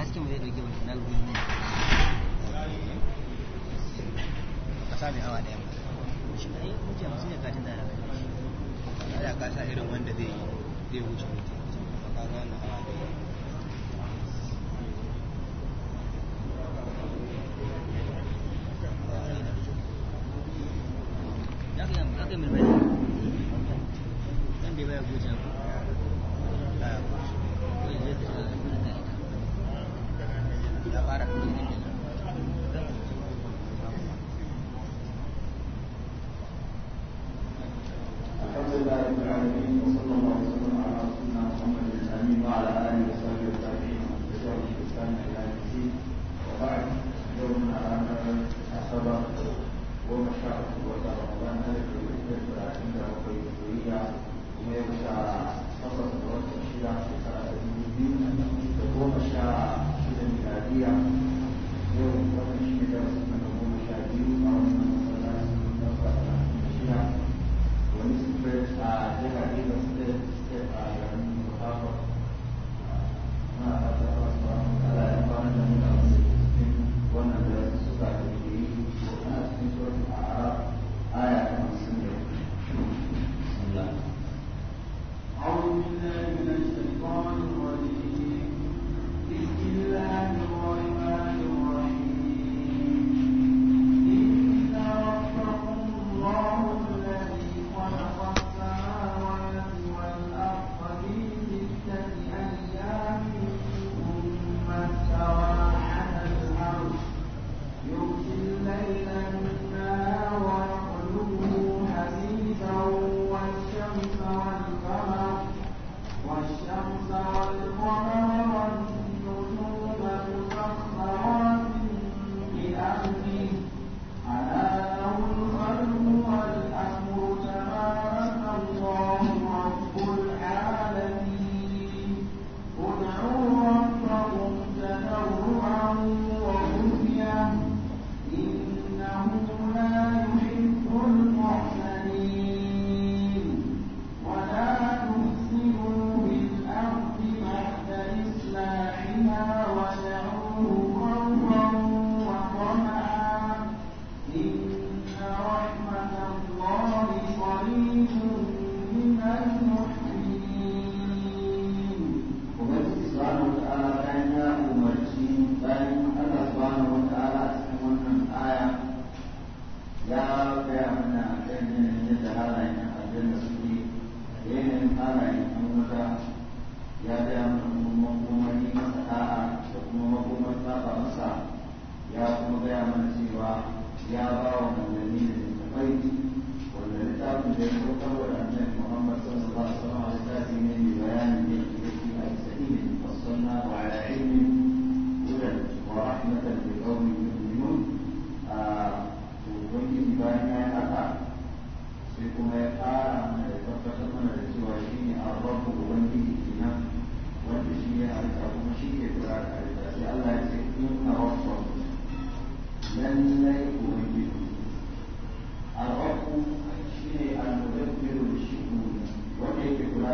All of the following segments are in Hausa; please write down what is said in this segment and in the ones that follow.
haske ba zai dauke wani na ruwan ne a sami awa daya shi ne mutum su ne katin da rabai shi ya kasa irin wanda zai wuce mutum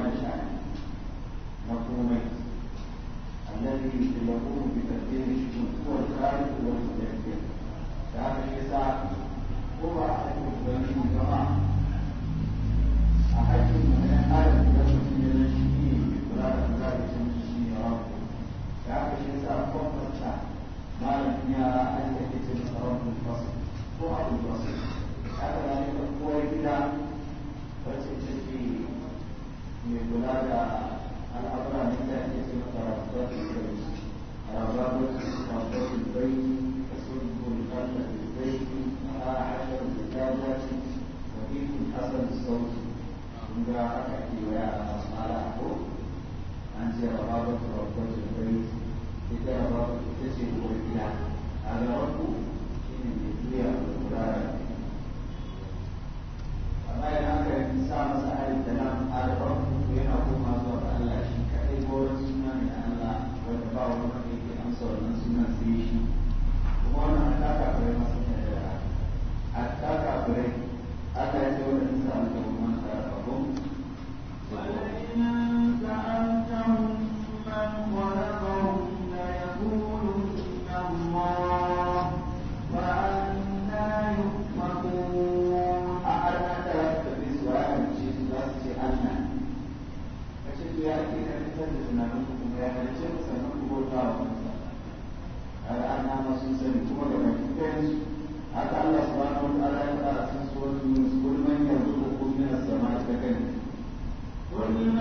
تعالى شأن مفهوم الذي يكون بتقدير الشكر هو الخالق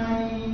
من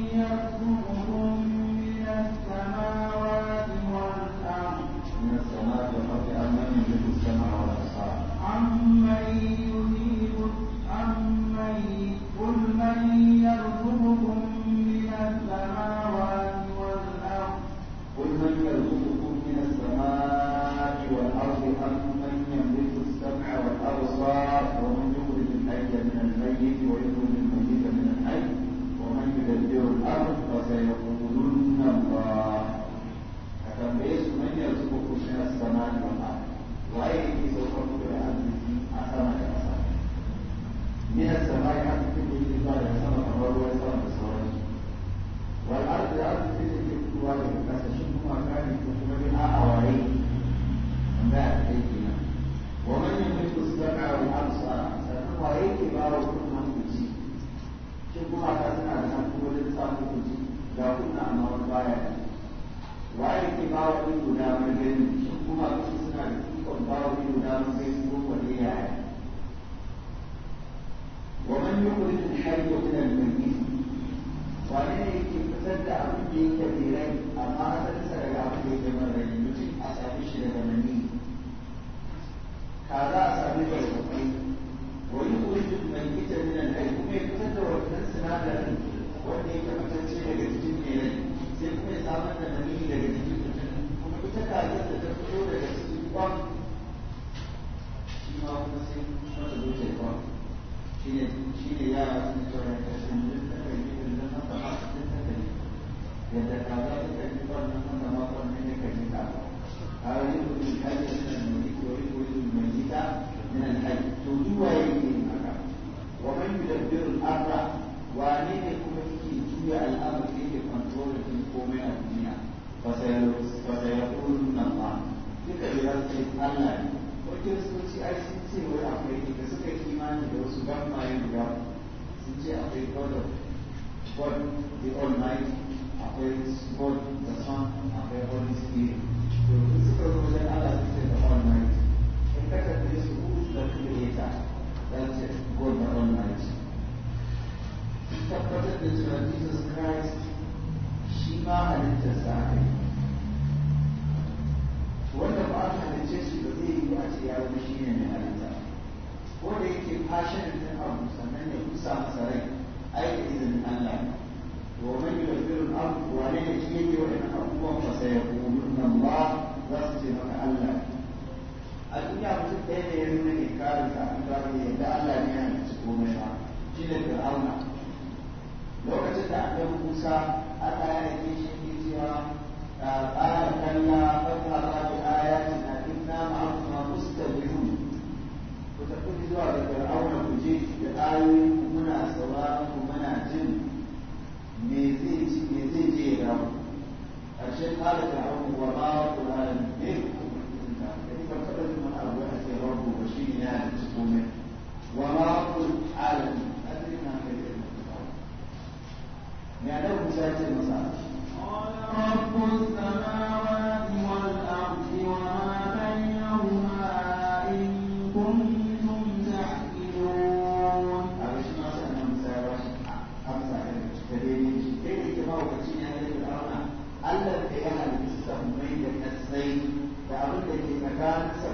Gracias.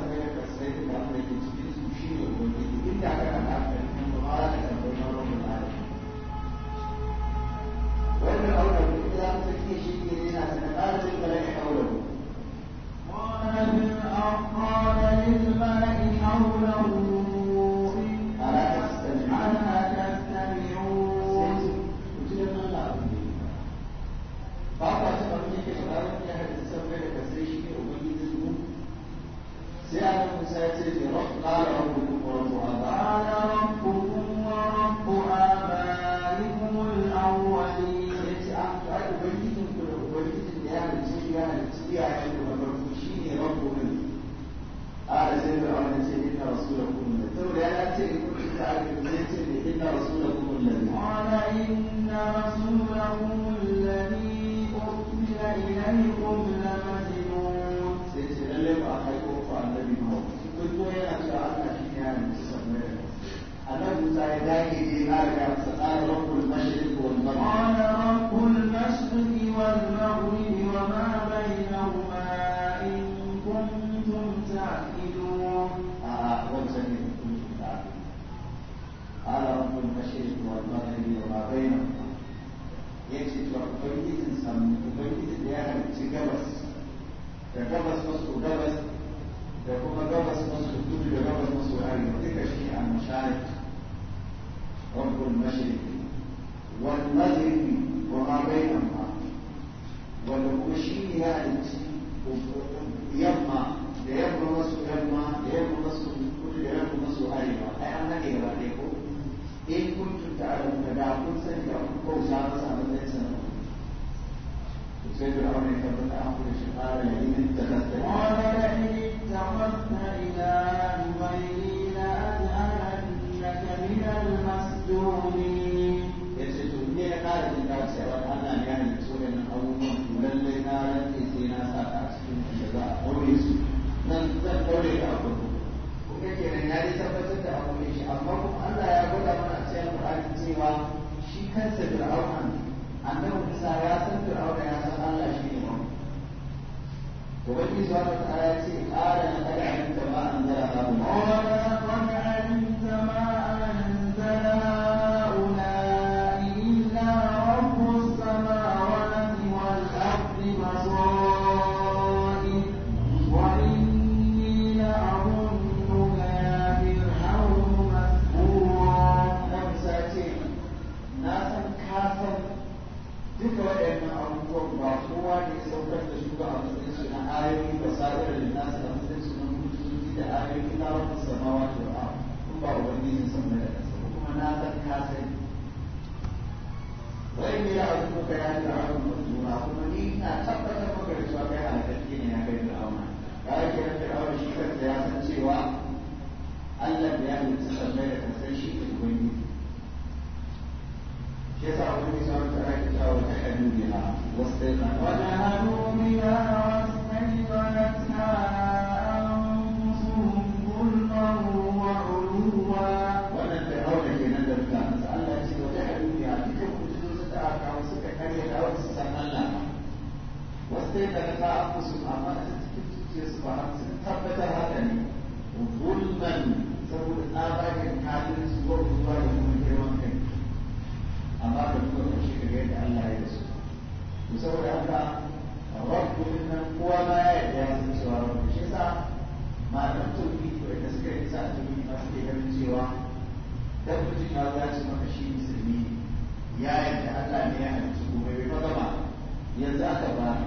sai da aure ka bata an kuma shi fara yin tabbata wala la ne ya Allah ya yi so da abubuwan na rantsi sai sa cikin da za a kore zan kenan tabbatar da abu shi amma Allah ya gwada mana cewa shi kansa da وإذا رأت آية قال لقد علمت ما أنزل هؤلاء sai ka ta abu su amma da cikin zuciya su ba sun tabbatar haka ne zulman saboda tsabagen halin su wa zuwa da kuma girman kai amma da duka kan shi kaga yadda Allah ya da su to saboda haka rabbu nan kowa ma ya yarda ya san cewa rabbu shi yasa malaman tauhidi wanda suka yi sa tauhidi ma suke ganin cewa dan mutum ya zaci maka shi musulmi ya yarda Allah ne ya halicci gobe bai ba yanzu aka ba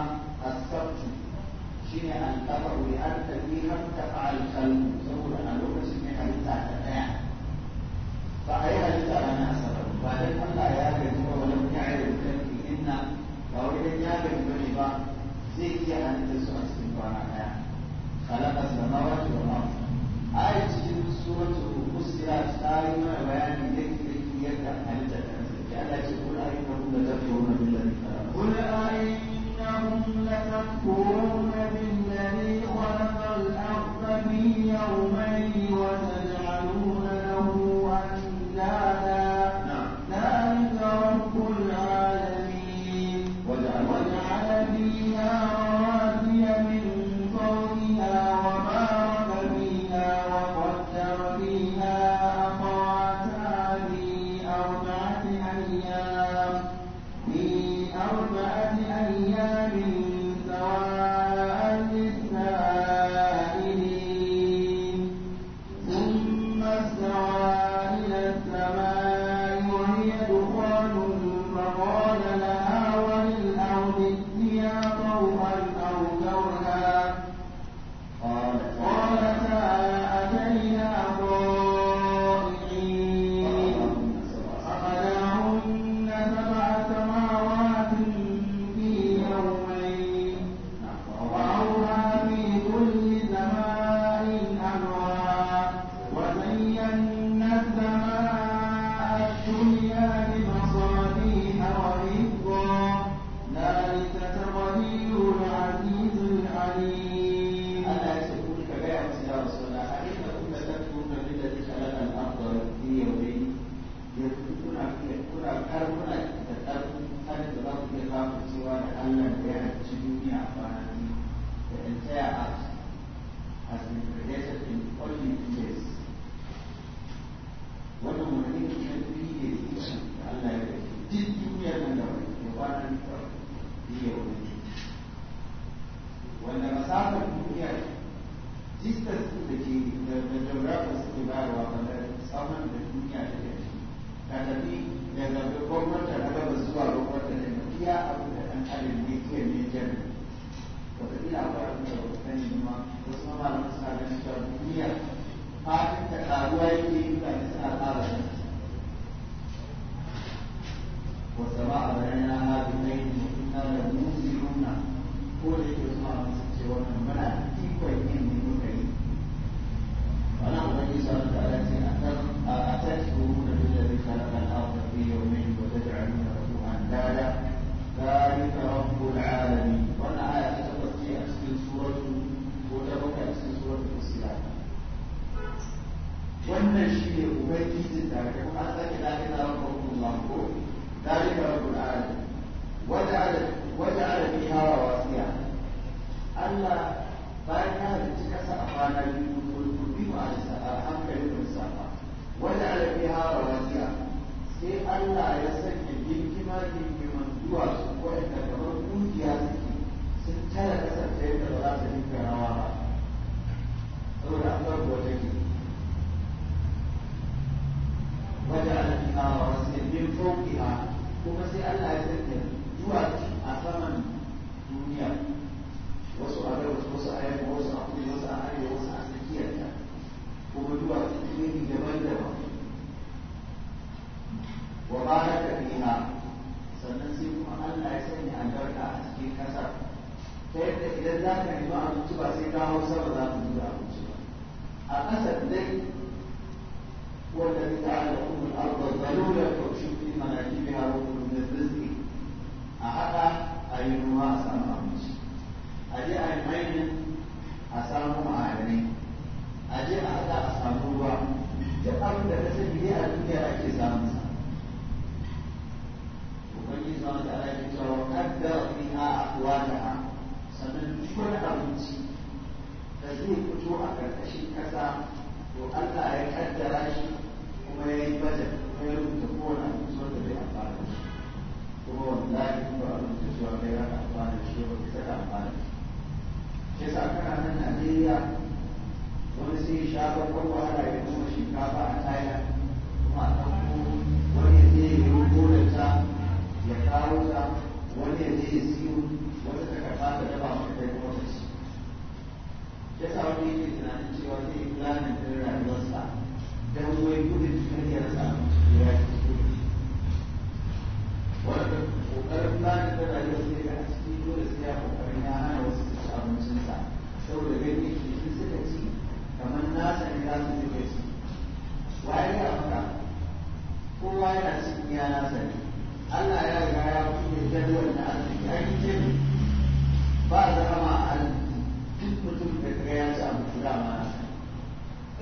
am asabtu shine an tafa wi an tafi har ta fa'al saboda a lokacin ne halitta ta daya fa ai halitta ba na asabar ba dai Allah ya ga kuma wani ya'i da kanki inna ba wai dai ya ga kuma ba sai ki an su a cikin kwana daya khalaqa samawati wa ma'a ai cikin suratu musirat ta yi mana bayani yadda yadda halitta ta kansa ya Allah ce kula yi kuma da zafi wa mabilan kuma kula تكفرون بالذي خلق الأرض في يومين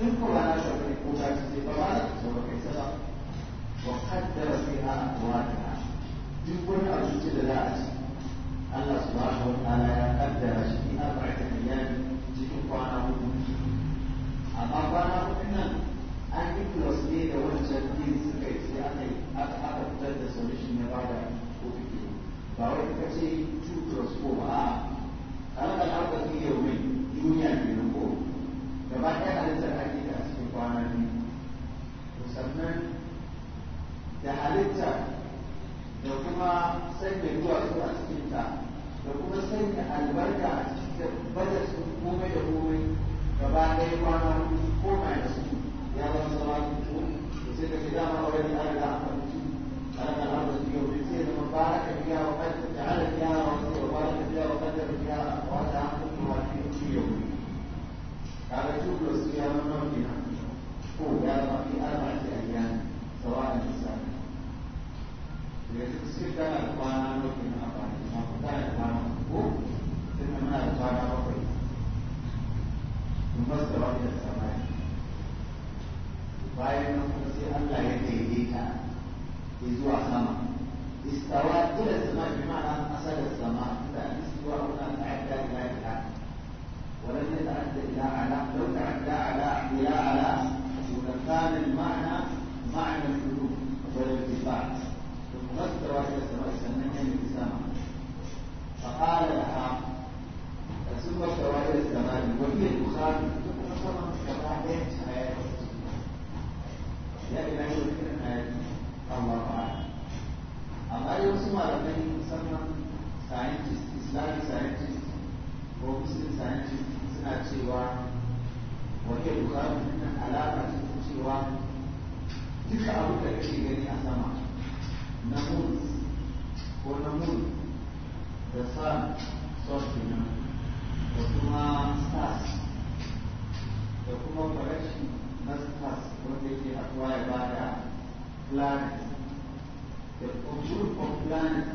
إن كنا نشعر بالقوة في فمالك سورة كيسرة وقدر فيها أقواتها يكون أرجوك لذات الله سبحانه وتعالى قدر في أربعة أيام cikin kwana hudu amma kwana hudu nan an yi plus da wancan din suka yi sai aka yi aka aka fitar da solution na bada ko ba wai kace 2 plus 4 ba a'a malamai musamman scientist islamic scientist ko muslim scientist suna cewa wani bukatu na alama ce ta cewa duka abu da kake gani a sama na moon ko na moon da sun sun kenan da kuma stars da kuma correction na stars wanda yake akwai ba da planet group of plants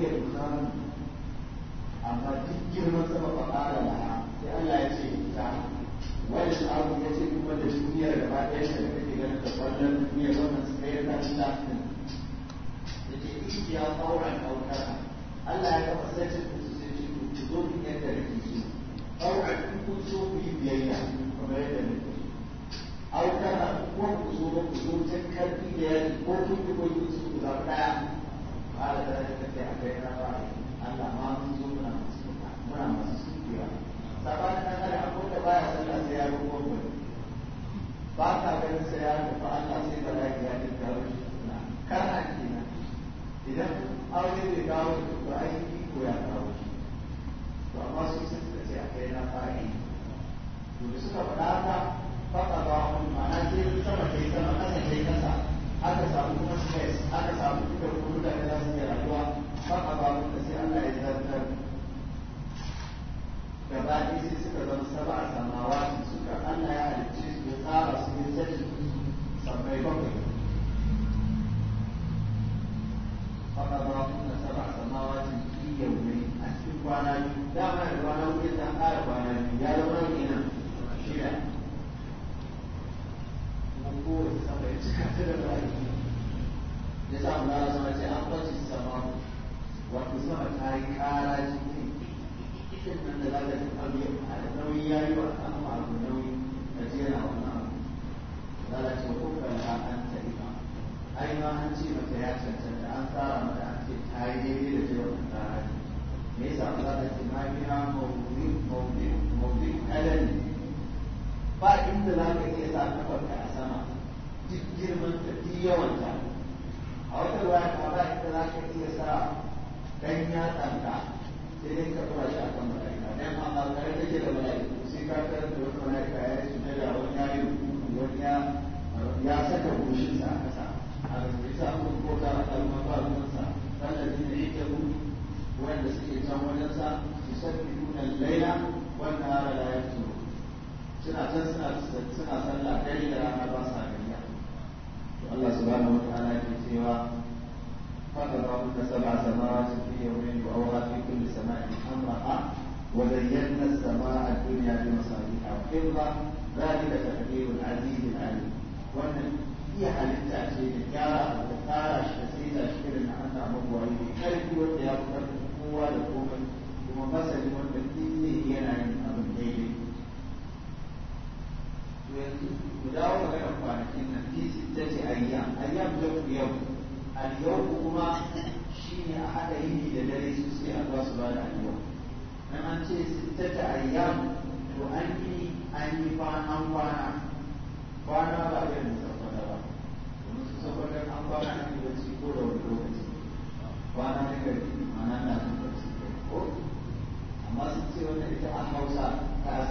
iya samu amma duk girman sama ba ƙara da sai Allah ya ce ta wani abu ya ce kuma da duniyar gaba ɗaya shi da kake ganin da wannan duniyar wannan su ɗaya ta ci lafiya da ke ishi ya ƙaura ƙaukara Allah ya kafa sai ce su sai ce ku zo ku yadda nake so ƙaura ku so ku yi biyayya kamar yadda nake aukara ko ku zo ku zo ta karfi da yaki ko kun yi ko so ku ɗaya قال ذلك في حبيبنا قال ألا ما نزلنا مسلمة منا مسلمة سبحان الله أقول بايا سلا سيارة قوة باكا بين سيارة فأنا سيدة لا يجب أن كان عندنا إذا أولي بقاوة بأي كوية قوة وما سيسلت في حبيبنا قال يوسف فقط فقط فقط فقط فقط فقط فقط فقط aka samu kuma stress aka samu duka kuma mutane za su iya rayuwa har a babu da sai Allah ya zartar gaba ɗaya sai suka zama saba a samawa suka Allah ya halicce su ya tsara su ya su sabbai bakwai فقضاهن goro sama ya cika ta da rayu ya sa Allah ya sama an kwace sama wato sama ta yi kara jikin cikin nan da za ta fi abu a da nauyi ya yi wa an nauyi da jera wannan abu za ta ce kofar ta an ta ima ai ma an ce mata ya cancanta an tsara mata an ce ta daidai da jera wannan kara me yasa Allah ta ce ma biya mawdu'in mawdu'in mawdu'in alani ba inda za ka yi samu kwanta a sama duk girman ta duk yawan ta a wata ruwa ta ba ita za ka iya sa dan yatsan ka sai dai ka tura shi a kan mala'ika dan amma kare take da mala'ika sai ka karanta wani mala'ika ya yi sujada wani ya yi rukuku wani ya ya saka sa a kasa a rubuce sa mun ko ka rasa ruwa ba ruwansa tallafi da yake wanda suke can wajensa su sabbi dunan laila wanda hara da ya fito suna can suna sallah dare da rana ba sa gariya to Allah subhanahu wataala ke cewa فقرأنا سبع سماوات في يومين وأوحى في كل سماء أمرها وزينا السماء الدنيا بمصابيح وحفظا ذلك تقدير العزيز العليم wannan iya halitta ce da gyara abu da tsara shi da sai shi irin na Allah magwari ne karfi wanda ya fi kowa da komai kuma masani wanda duk ne yana yin abin mu dawo maganar kwanakin nan ta ce ayyam ayyam da ku yau al-yau kuma shine a haɗa yini da dare su sai Allah su bada al-yau dan an ce sittata ayyam to an yi an kwana kwana ba da musaffada ba domin su saboda kwana an yi wacce ko wani lokaci kwana na ko ita a Hausa ta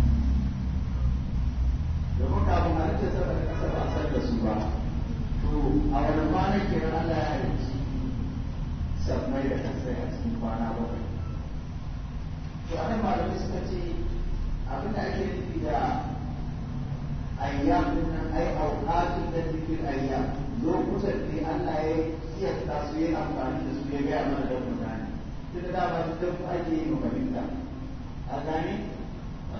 domin kafin a rike sama da ƙasa ba a san da su ba to a wani kwana kenan Allah ya halicci sabmai da kansa a cikin kwana bakwai to a anan malamai suka ce abin da ake nufi da ayyam din nan ai auqatun da zikir ayyam lokutan ne Allah ya ta su yin amfani da su ya gaya mana da mutane tunda da ba su da ake yi mu da, a gane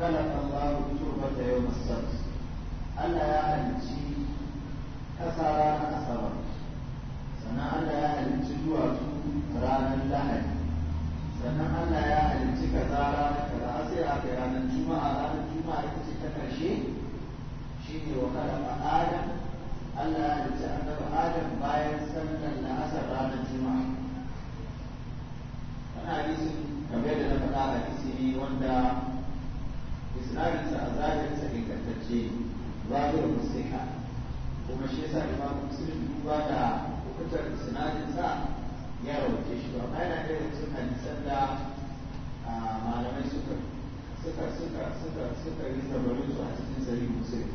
خلق الله التربة يوم السبت Allah ya halicci ƙasa ranar asabar sannan Allah ya halicci duwatsu ranar lahadi sannan Allah ya halicci kaza ranar kaza sai aka yi ranar juma'a ranar juma'a ita ta ƙarshe shi ne wa kalama adam Allah ya halicci annabi adam bayan sallar na asar ranar juma'a wani da na faɗa hadisi wanda isnadinsa a zahirinsa ingantacce zahirin musika kuma shi yasa imam muslim duba da hukutar isnadinsa ya rawace shi ba bayan da irin sun hadisan da malamai suka suka suka suka suka yi zabarin su a cikin sari muslim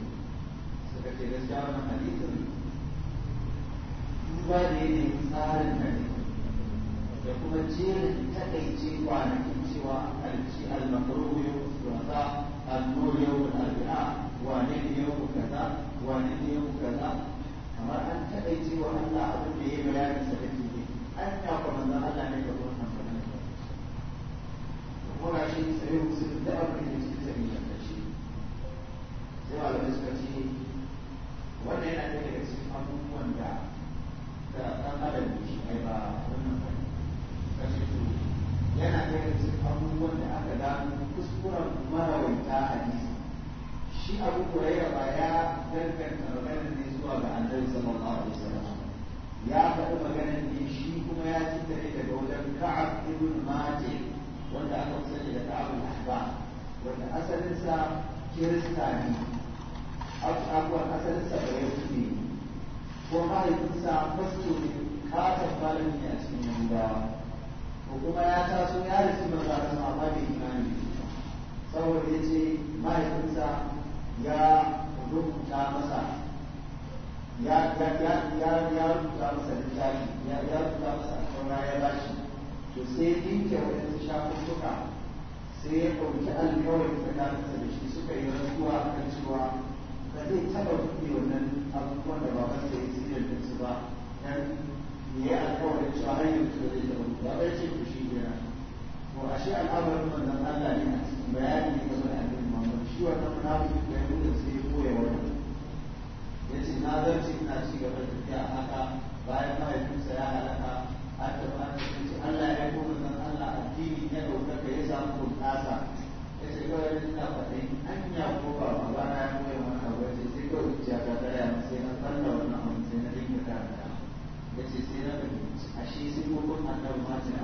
suka ce gaskiya wannan hadisin duba da yanayin tsarin hadisin da kuma jerin takaice kwanakin cewa alci al-makruhu yusuf النور يوم الأربعاء ونحن يوم كذا ونحن يوم كذا كما أن تأتي وأن لا أقول به ولا نستفيد به أن يقول أن الله لا يقول أن ولا شيء سيوصل الدعوة إلى سبيل التشريع سواء بالنسبة wannan yana ɗaya daga cikin abubuwan da ɗan adam da shi ba wannan kashe su yana daga cikin abubuwan da aka gano kuskuren marawaita hadisi shi abu huraira ba ya danganta maganar ne zuwa ga annabi sallallahu alaihi wasallam ya faɗi maganar ne shi kuma ya ci tare daga wajen ka'ab ibn malik wanda aka sani da ka'ab al-ahba wanda asalinsa kirista ne abubuwan asalinsa ba ya ne ko mahaifinsa fasto ne ka tabbalin ne a cikin yahudawa kuma ya taso ya rasu manzo Allah amma da imani saboda yace mahaifinsa ya rubuta masa ya ya ya ya ya rubuta masa littafi ya ya rubuta masa saura ya shi to sai dinke wajen shafuffuka sai ya da ta tsakaninsa da shi suka yi rasuwa a kan cewa ba zai taɓa rufe wannan abubuwan da ba ya yi sirrin su ba a alƙawarin cewa hanyar da zai da mutu ba ɗaya ce ku shi ne to a shi al'amarin wannan Allah ne a cikin bayani ne game da annabi Muhammad shi wannan munafiki da ya nuna sai koya wannan yace na zarce ina ci gaba da tafiya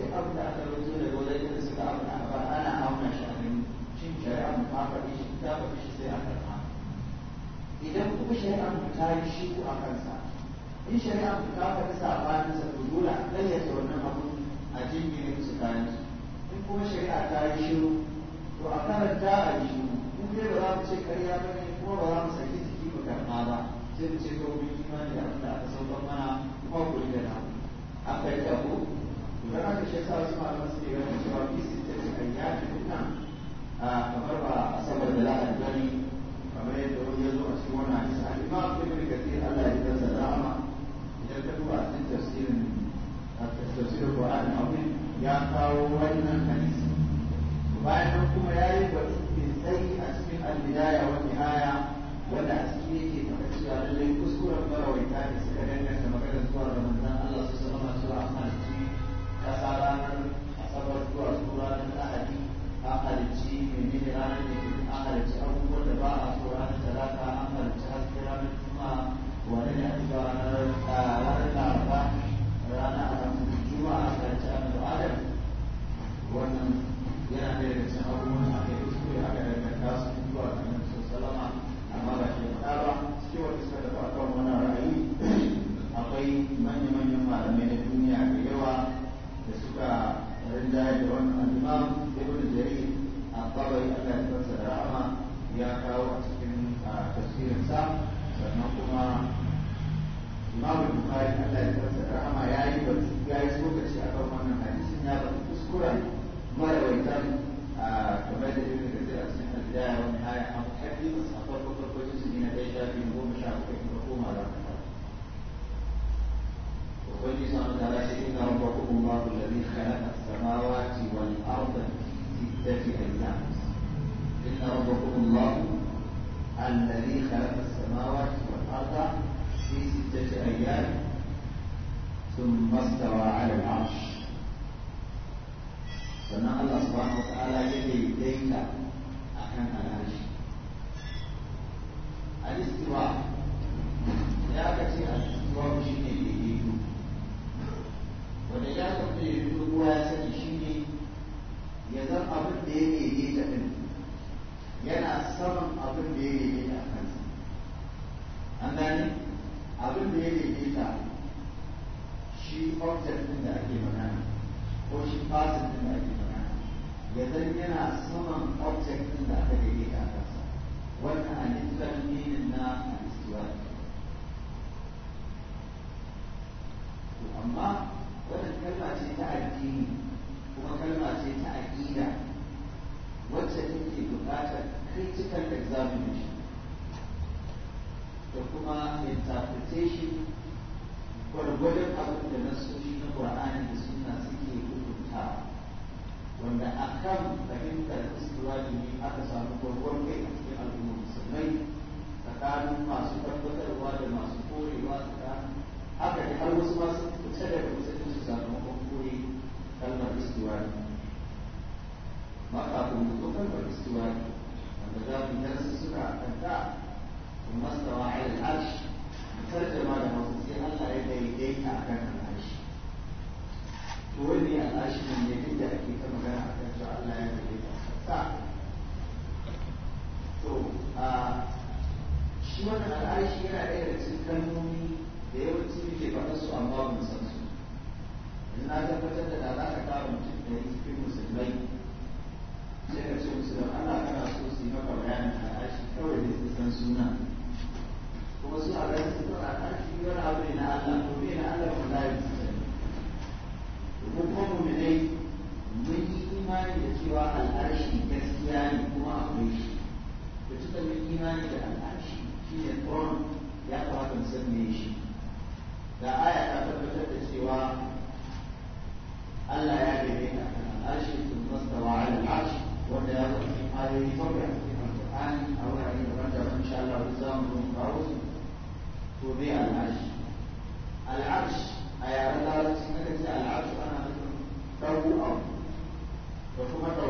duk abin da aka gani shi ta faɗi sai a karɓa idan kuma shari'ar mu ta yi shigo a kansa in shari'ar mu ta faɗi sabanin sa to dole a ƙayyade wannan abu a jingine musu kayan su in kuma shari'a ta yi shiru to a karanta a yi shiru in dai ba za mu ce ƙarya ba ne kuma ba za mu saki jiki mu karɓa ba sai mu ce to mun imani da abin da aka sauka mana kuma ku da na a kai ko kamar ba a saboda da la'ad bane kamar yadda wani ya zo a cikin wannan hadisi a imam ibn kathir Allah ya kansa dama idan ka duba cikin tafsirin tafsirin Qur'an abin ya kawo wannan hadisi bayan nan kuma ya yi batu mai tsayi a cikin al-bidaya wa nihaya wanda a cikin yake faɗa cewa lallai kuskuren marawaita da suka danganta سالان حسب الدور addini kuma kalma ce ta aƙida wacce take buƙatar critical examination da kuma interpretation gwargwadon abin da nasoshi na ƙur'ani da suna suke hukunta wanda a kan fahimtar istiwaji ne aka samu gwargwar a cikin al'ummar musulmai tsakanin masu tabbatarwa da masu korewa tsakanin haka da har wasu masu fita daga musulmai kalmar istiwari ma kafin ku kalmar istiwari wanda za mu tarsu suka kanta in mastawa ala al'arsh tarjama da masu sai Allah ya daidaita a kan al'arshi to wani al'arshi ne ne da ake ta magana a kan Allah ya daidaita a kanta So, shi wannan al'ashi yana ɗaya da cikin kalmomi da yawanci muke faɗa su amma mun san in na tabbatar da da za ka kawo mutum da ya cikin musulmai sai ka ce musu da Allah kana so su yi maka bayanin al'ashi kawai da su san suna kuma su a ganin su tana al'ashi wani abu ne na Allah ko ne na Allah ko na yi su sani ko kuma muminai mun yi imani da cewa al'ashi gaskiya ne kuma akwai shi da tuka mun imani da al'ashi shi ne tsoron ya kamata mu san me shi da aya ta tabbatar da cewa Allah ya gare ta arshi sun mastawa ala al'arshi wanda ya zo ayoyi bakwai a cikin alƙur'ani a wurare daban-daban insha Allah za mu zo su to me al'arshi al'arshi a yaren larabci na kace ana nufin ɗago abu da kuma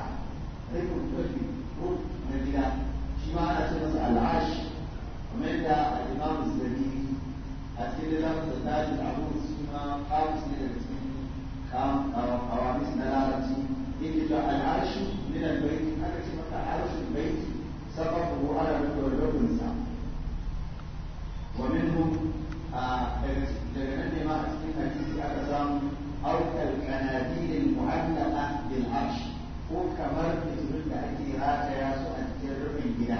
sai ku tafi ko na gida shi ma ana ce masa al'ash kamar yadda al'imamu zabi a cikin lafazin dajin abu su ma kamus ne daga cikin kawamis na larabci yake da al'ashi min al-baiti aka ce masa arshin baiti sababu ala rubutun ومنهم لأن ما أسكن الجزء أقسام أو القناديل المعلقة بالعرش ko kamar fitilun da ake rataya su a cikin rufin gida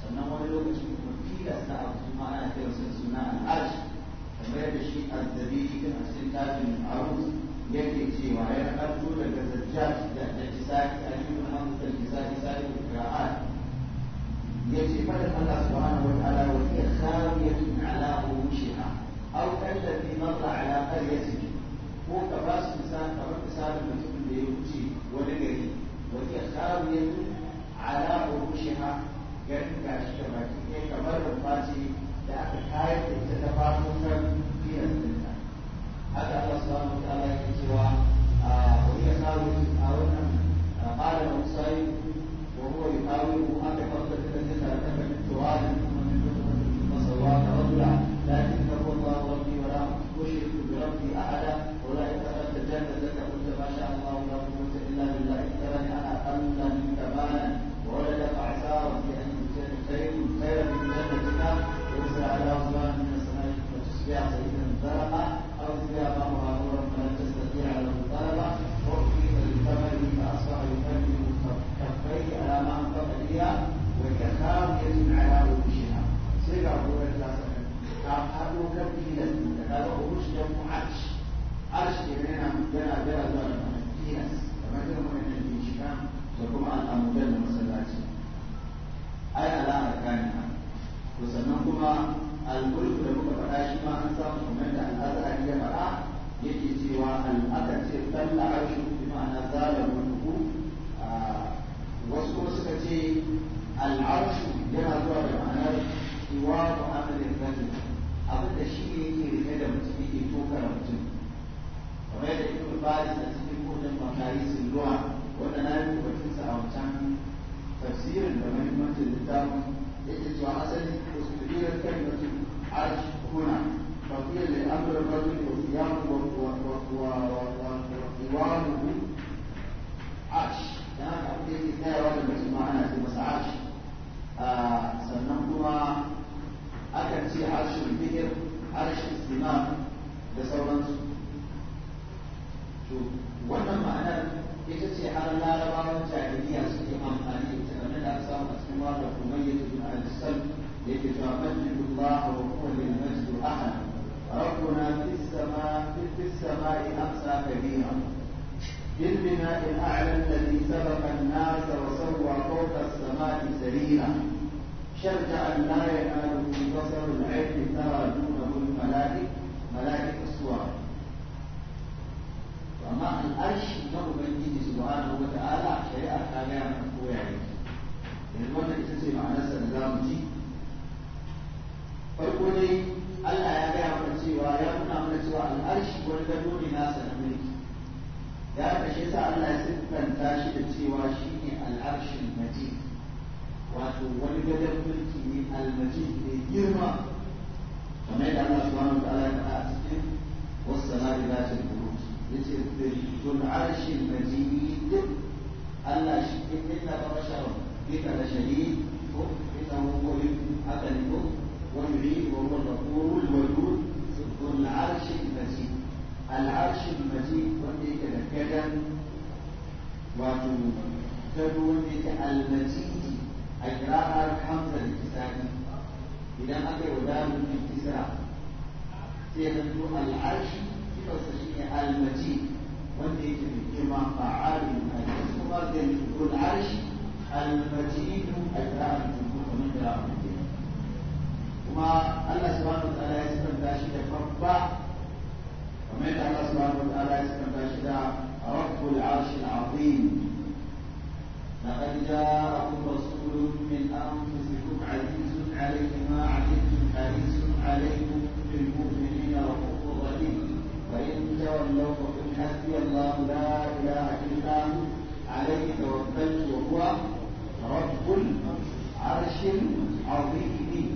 sannan wani lokaci kuma tilas na abu kuma ana kiran su suna al'ash kamar yadda shi azzabi kan a cikin tafin aru yake cewa ya ɗauko daga zajjaj da ta da isaki a yi wani hamdu da isaki isaki da kira'at ya ce fadin Allah subhanahu wa ta'ala wa hiya khawiyatun ala urushiha aw kallati marra ala qaryatin ko ka ba su misali kamar misalin mutumin da ya wuce wani gari wani ya samu ya zo ala kushe ha ga shi da baki ɗaya kamar rumfa ce da aka kayar da ita ta fafon kan biyan dinta haka Allah samu wa ala yake cewa wani ya samu a wannan malamin sai wa huwa yuqawimu haka da ta tantance da ta بالبناء الأعلى الذي سبق الناس وسوى فوق السماء سريرا شرع أن لا يناله بصر العلم ترى دونه الملائكة ملائكة الصور وما الأرش نقول بنجي سبحانه وتعالى شريعة كاملة مقوية عليه المرة تسمع معنى السلام جي farko dai Allah ya gaya mana cewa ya nuna mana cewa al'arshi wani gado ne nasa ya aka sa Allah ya siffanta shi da cewa shi ne al'arshin maji wato wani gadon mulki ne almaji ne girma kamar da Allah subhanahu wa ta'ala ya faɗa a cikin wassalamu zatul buruj yace bil arshil majid Allah shi ke inna bashara bika da shari ko innahu qulib haka ne ko wa yuridu wani huwa al-ghafurul wadud bil arshil العرش المجيد وديك لكذا واتو تدو وديك المجيد أجراء الحمزة الاتساعي إذا أتى ودام الاتساع سيغنتو العرش كيف سشيء المجيد وديك بكما فعال الاسم مرضي العرش المجيد أجراء الجمهور من دراهم kuma Allah subhanahu wa ta'ala ya sifanta shi da babba ومن الله سبحانه وتعالى اسم الباشداء رب العرش العظيم لقد جاءكم رسول من انفسكم عزيز عليه ما عزيزتم حريص عليكم بالمؤمنين رؤوف رحيم وان تولوا فقل حسبي الله لا اله الا هو عليه توكلت وهو رب العرش العظيم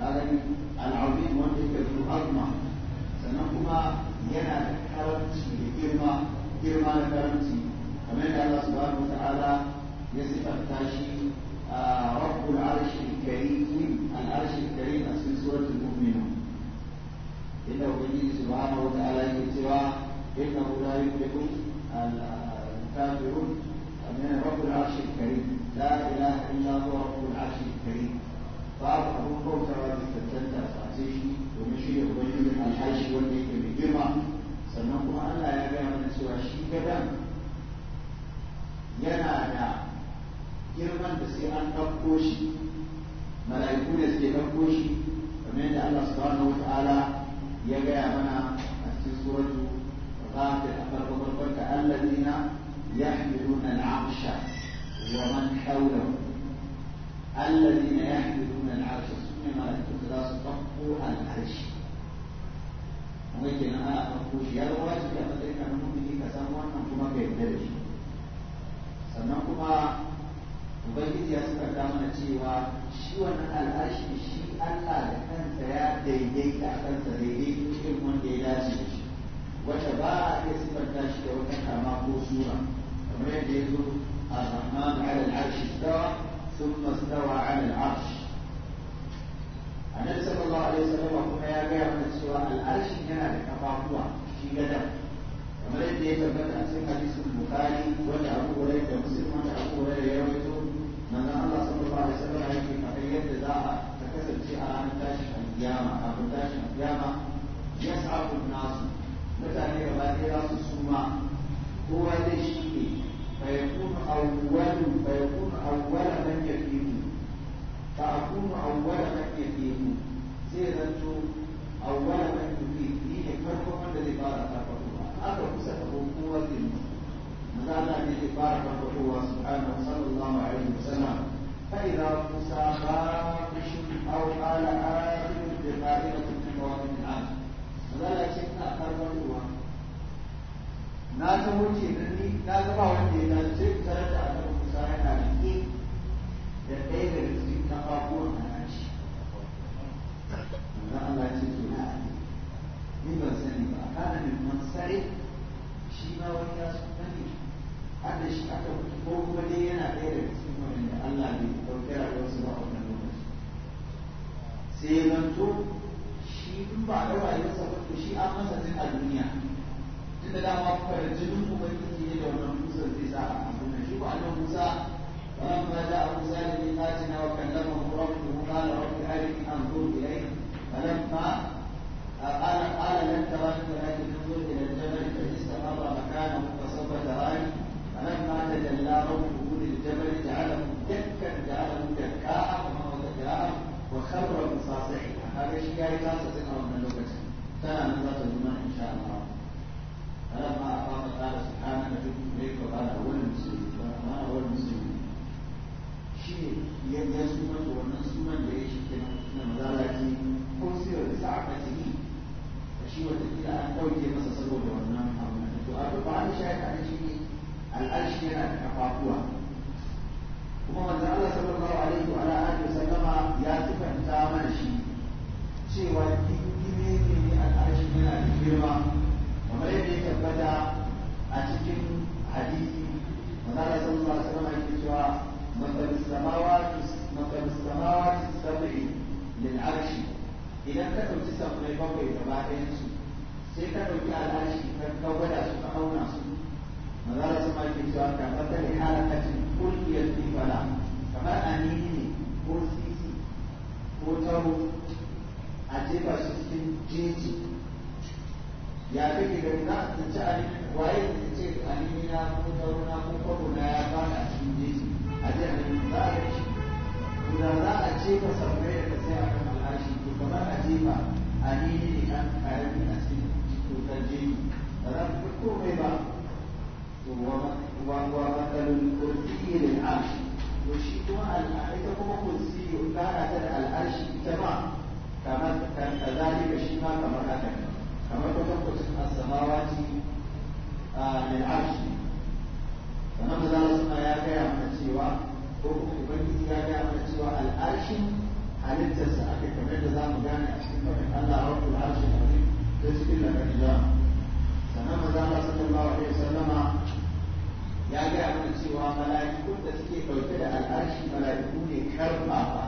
هذا العظيم وانت العظمه سنقوم yana da karanci da girma girma da karanci kamar da Allah subhanahu wata'ala ya sifanta shi a rabbul arshi karim al arshi karim a cikin suratul mu'mina inda ubangiji subhanahu wata'ala yake cewa innahu la yuflihu al kafirun amma rabbul arshi الكريم la ilaha illa huwa rabbul arshi الكريم fa abu بكر رضي الله عنه domin shi ne ubangijin alhashi wanda yake mai girma sannan kuma Allah ya gaya mana cewa shi gadan yana da girman da sai an ɗauko shi mala'iku ne suke ɗauko shi kamar yadda Allah subhanahu wata'ala ya gaya mana a cikin suratu ghafir a farko farkon ta allazina yahmiluna al'arsha wa man hawlahu allazina yahmiluna al'arsha sune mala'iku su za su ɗauko al'arshi kuma kenan ana ɗauko shi ya zama wajibi a matsayin kan mummuni ka san wannan kuma ka yarda da shi sannan kuma ubangiji ya suka mana cewa shi wannan al'arshi shi Allah da kansa ya daidaita a kansa daidai cikin wanda ya dace da shi wata ba a iya sifanta shi da wata kama ko sura kamar yadda ya zo a rahman ala al'arshi stawa ثم استوى على العرش annabi sallallahu alaihi wasallam kuma ya gaya mana cewa al'arshi yana da kafafuwa shi gadan kamar yadda ya tabbata a cikin hadisin bukhari wanda abu hurairah da muslim wanda abu hurairah ya rawaito manzon Allah sallallahu alaihi wasallam yake faɗa yadda za a ta kasance a ranar tashin alkiyama kafin tashin alkiyama yas'abu nasu mutane alaihi wa alihi sallama ya tufanta mana shi cewa dingine ne al'arshi yana da girma kamar yadda ya tabbata a cikin hadisi manzala sallallahu alaihi wasallam yake cewa matal samawati matal samawati sabai lil arshi idan ka dauki sammai bakwai gaba ɗayan su sai ka dauki alashi ka kawada su ka auna su manzala sallallahu alaihi wasallam yake cewa ka matal halakatin kulliyat fala ma'ani ne ko sisi ko taro a jefa shi cikin jeji ya kake da na ci alimi waye da ce a na ko taro na ko kwaro na ya ba a cikin jeji a da alimi za a yi kuma za a jefa samurai da sai a kan alhashi to ba za a jefa nini ne kan karami a cikin cutar jeji ba za ku komai ba to wa matsalolin ko ne da to shi kuma ita kuma kursiyu gara ta da al'arshi ita ma kamar kazalika shi ma kamar haka kamar kwatankwacin as-samawati lil arshi sannan da zama ma ya gaya mana cewa ko kuma ubangiji ya gaya mana cewa al'arshin halittarsa aka kamar da za mu gane a cikin faɗin Allah rabbul arshi da cikin lakarin sannan da zama sallallahu alaihi wasallama ya gaya mana cewa mala'ikun da suke ɗauke da al'arshi mala'iku ne karfafa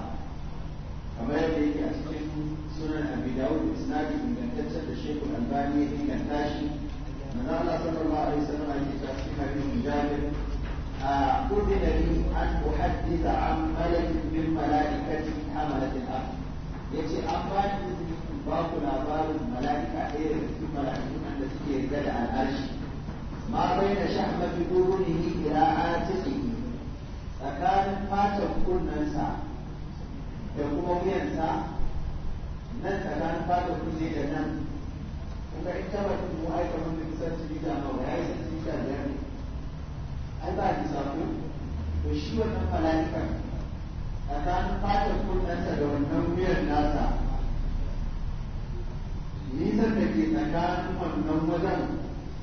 kamar yadda yake a cikin sunan abi dawud isnadi ingantaccen da shehu albani ya inganta shi manzo Allah sallallahu alaihi wasallam yake cewa cikin hadisin jabir a udina li an uhaddisa an malakin min mala'ikati hamalat al-ard yace an ba ku labarin mala'ikatu fi duburihi ila tsakanin fatan da kuma wuyansa nan tsakanin fatan kunne da nan kuma in ta aika mun ma ya yi sarki da ai ba to shi wannan mala'ika tsakanin fatan da wannan wuyan nasa nisan da ke tsakanin wannan wajen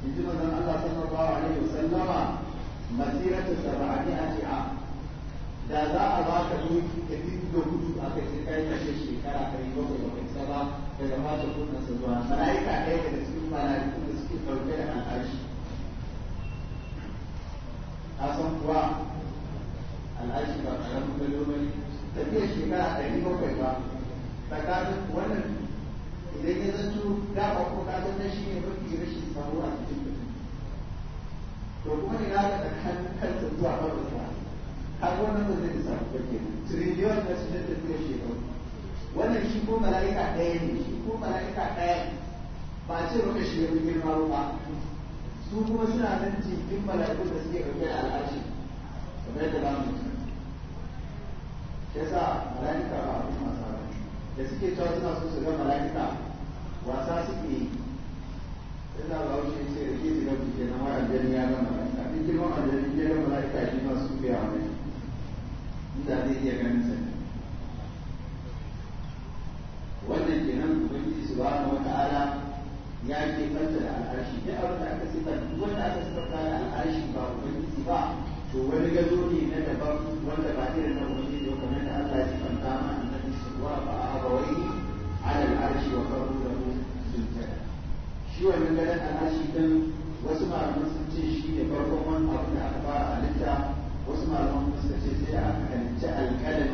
in ji manzon Allah sallallahu alaihi wasallama masiratu sab'ati ashi'a da za a ba ka duki da da gudu a kai sai kai kashe shekara kai bakwai ba kai saba daga fata kunna sa zuwa malaika ɗaya daga cikin malaiku da suke ɗauke da al'arshi a san kuwa al'ashi ba ƙaramin gado ba ne shekara ɗari bakwai ba tsakanin wannan idan ya zanto dama ko ka zanto shi ne mafi rashin tsaro a cikin mutum to kuma ina ga tsakanin ta zuwa marasa har wannan ba zai samu ba ke triliyon na su da zai shekaru wannan shi ko mala'ika ɗaya ne shi ko mala'ika ɗaya ne ba ce maka shi ya fi girma ba su kuma suna nan cikin mala'iku da suke ɗauke da al'ashi kamar da ba mu ci yasa mala'ika ba a kuma da suke cewa suna so su ga mala'ika wasa suke yi sai da ba wuce ce rike su gabi ke na mara ya zama na shi su biya wani inda zai iya ganin sa wannan ubangiji ya ke fanta da al'arshi duk abin da aka wanda aka da al'arshi ba ubangiji ba to wani ne na daban wanda ba irin na ubangiji ba kamar da Allah ya ma على العرش وقالوا له سلطان شو أن لنا العرش كان وسمع المسلمين شيء فرقم أبنى أخبار ألتا وسمع المسلمين سيئة أن جاء الكلم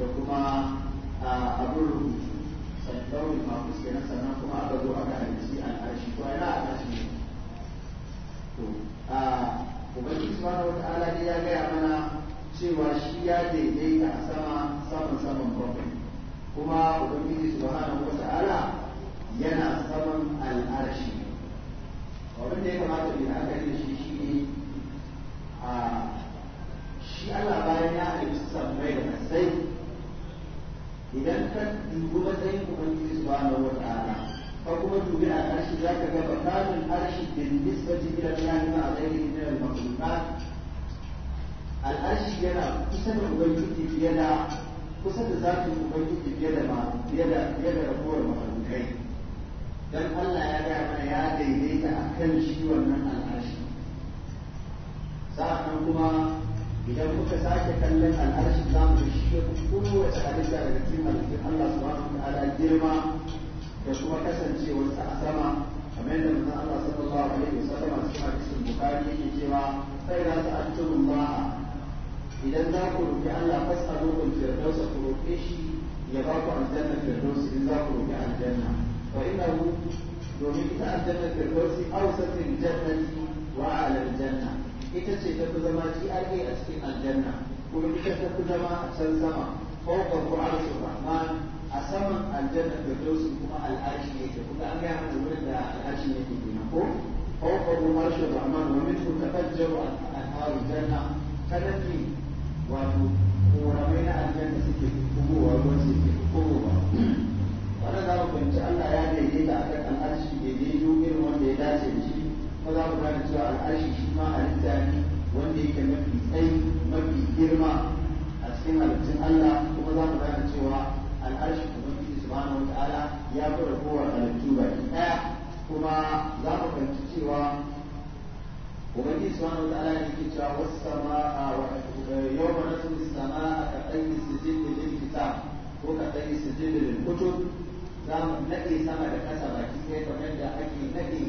وكما sai الرجوع sannan mafus kenan da kuma aka zo aka halici al'arshi to yana al'arshi ne to a ubangiji subhanahu wa ta'ala ya gaya mana cewa shi ya daidai a sama samun samun bakwai kuma ubangiji subhanahu wa ta'ala yana saman al'arshi abin da ya kamata mu la'akari da shi shine a shi Allah bayan ya halitta sammai da kasai idan ka dubi matsayin ubangiji subhanahu wa ta'ala ka kuma dubi al'arshi za ka ga bakarin arshi bin nisbati ila Allah ma alayhi min al-makhluqat al'arshi yana kusa da ubangiji yana kusa da zafin ubangiji fiye da ma fiye da fiye da rabuwar mahalukai dan Allah ya ga mana ya daidaita akan shi wannan al'arshi sa'an kuma idan kuka sake kallon al'arshi za mu shi ya kowace halitta daga cikin halittun Allah subhanahu wa ta'ala girma da kuma kasancewarsa a sama kamar yadda manzon Allah sallallahu alaihi wasallam a cikin hadisin Bukhari yake cewa sai za su attu Allah idan za ku rufe Allah fasa rukun firdaus a kurofe shi ya ba ku aljanna firdaus in za ku rufe aljanna wa ina hu domin ita aljanna a ausatin jannati wa a aljanna ita ce ta fi zama ji a cikin aljanna kuma ita ta fi zama a can sama ku arshur rahman a saman aljanna firdaus kuma ne yake kuma an gaya mana wurin da ne ke gina ko fawqa arshur rahman wa minhu tafajjaru anharu janna tanaki wato koramai na aljanna suke bugowa ruwan suke ke ba. wannan za ku fahimci Allah ya daidaita a kan al'arshi daidaito irin wanda ya dace da shi Kuma za ku gane cewa al'arshi shi ma halitta ne wanda yake mafi tsayi mafi girma a cikin halittun Allah kuma za ku gane cewa al'arshi ubangiji subhanahu wa ta'ala ya fi ragowar halittu baki ɗaya kuma za ku fahimci cewa ubangiji subhanahu wa ta'ala yake cewa was samaa wa yawma nasmi samaa ka tayyi sijil lil ko ka tayyi sijil lil kutub za mu nade sama da kasa baki sai kamar da ake nade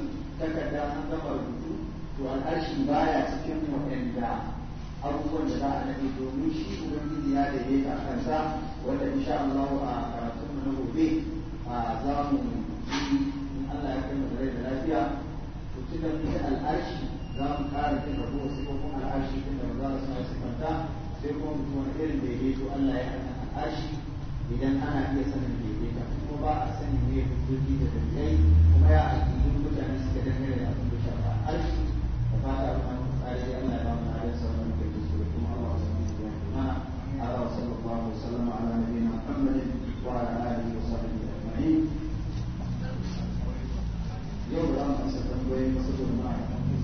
takarda an gama rubutu to al'arshi baya cikin waɗanda abubuwan da za a nade domin shi ubangiji ya daidaita kansa wanda a karatun na gobe za mu in Allah ya lafiya to al'arshi za mu kara kin da kuma su kuma al'ashi kin da za su sa su kwanta sai kuma mutum wani irin daidaito Allah ya hana al'ashi idan ana iya sanin daidaita kuma ba a sanin ne hujjoji da dalilai kuma ya a aƙidun mutane suka dangane da abin da shafa al'ashi da fata abin tsari Allah ya ba mu hadin sauran da ke so kuma Allah ya san ya mana Allah sallallahu alaihi wasallam ala nabiyina Muhammad wa ala alihi wa sahbihi ajma'in yau da mu san tambayoyin masu zuwa